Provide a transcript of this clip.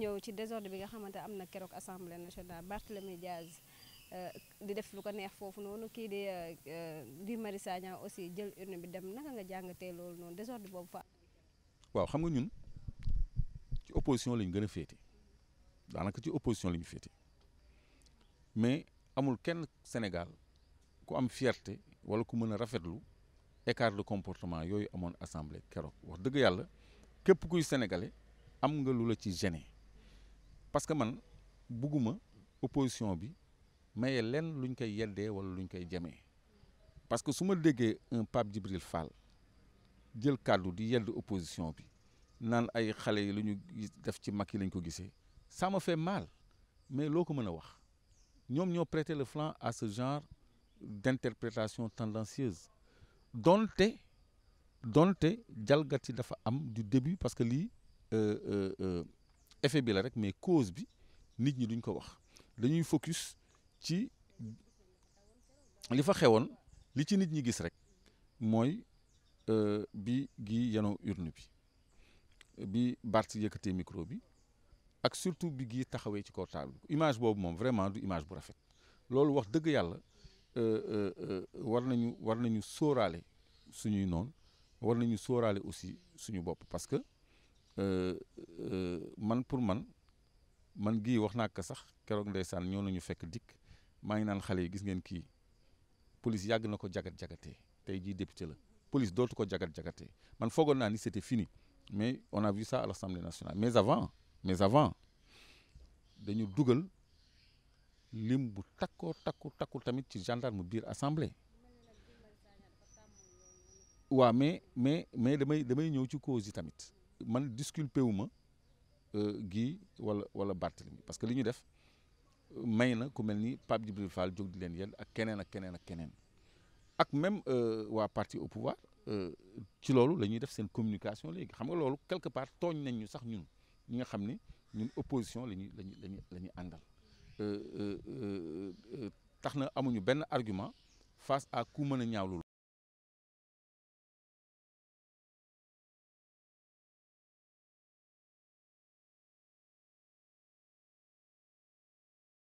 ñëw ci désordre bi nga xamante am na keroog assemblée nationale Barthélemy Diaz euh, di def lu ko neex foofu noonu kii di euh, euh, Guy Marius aussi jël urne bi dem naka nga jàngatee loolu noonu désordre boobu fa. waaw xam nga ñun ci opposition lañ gën a féete daanaka ci opposition lañu féete mais amul kenn Sénégal ku am fierté wala ku mën a rafetlu écart de comportement yooyu amoon assemblée keroog wax dëgg yàlla képp kuy sénégalais am nga lu la ci gêné. parce que man bugguma opposition bi maye lenn lu luñ koy yeddee wala luñ koy jamee parce que su ma déggee un Pape Djibril Fall jël kàddu di yedd opposition bi naan ay xale yi lu ñu def ci mag yi lañ ko gisee ça me fait mal mais loo ko mën a wax ñoom ñoo prêter le flanc à ce genre d'interprétation tendancieuse donte donte jalgati dafa am du début parce que lii. Euh, euh, euh, effet bi la rek mais cause bi nit ñi duñ ko wax dañuy focus ci li fa xewoon li ci nit ñi gis rek mooy euh, bi gi yanoo urne bi bi Barth yëkkatee micro bi ak surtout bi gii taxawee ci kaw table bi image boobu moom vraiment du image bu rafet loolu wax dëgg yàlla euh, euh, war nañu war nañu sóoraale suñuy noonu war nañu sóoraale aussi suñu bopp Euh, euh, man pour man man gii wax naa ka sax keroog ndeysaan ñoo ñu fekk dikk maa ngi naan xale yi gis ngeen kii police yàgg na ko jagat jagatee tey jii député la police dootu ko jagat jagate man foogoon naa ni c'était fini mais on a vu ça à l'Assemblée nationale mais avant mais avant dañu dugal lim bu takkoo takku takku tamit ci gendarme biir assemblée waa mais mais mais damay damay ñëw ci cause yi tamit man disculpé wu ma euh, gii wala wala Barthélemy parce que li ñu def may na ku mel ni Pape Djibril Fall jóg di leen yedd ak keneen ak keneen ak keneen ak même euh, waa parti au pouvoir euh, ci loolu la ñuy def seen communication léegi xam nga loolu quelque part tooñ nañ ñu sax ñun ñi nga xam ni ñun opposition la ñuy la ñuy la ñuy la ñuy tax na amuñu benn argument face à ku mën a ñaawlu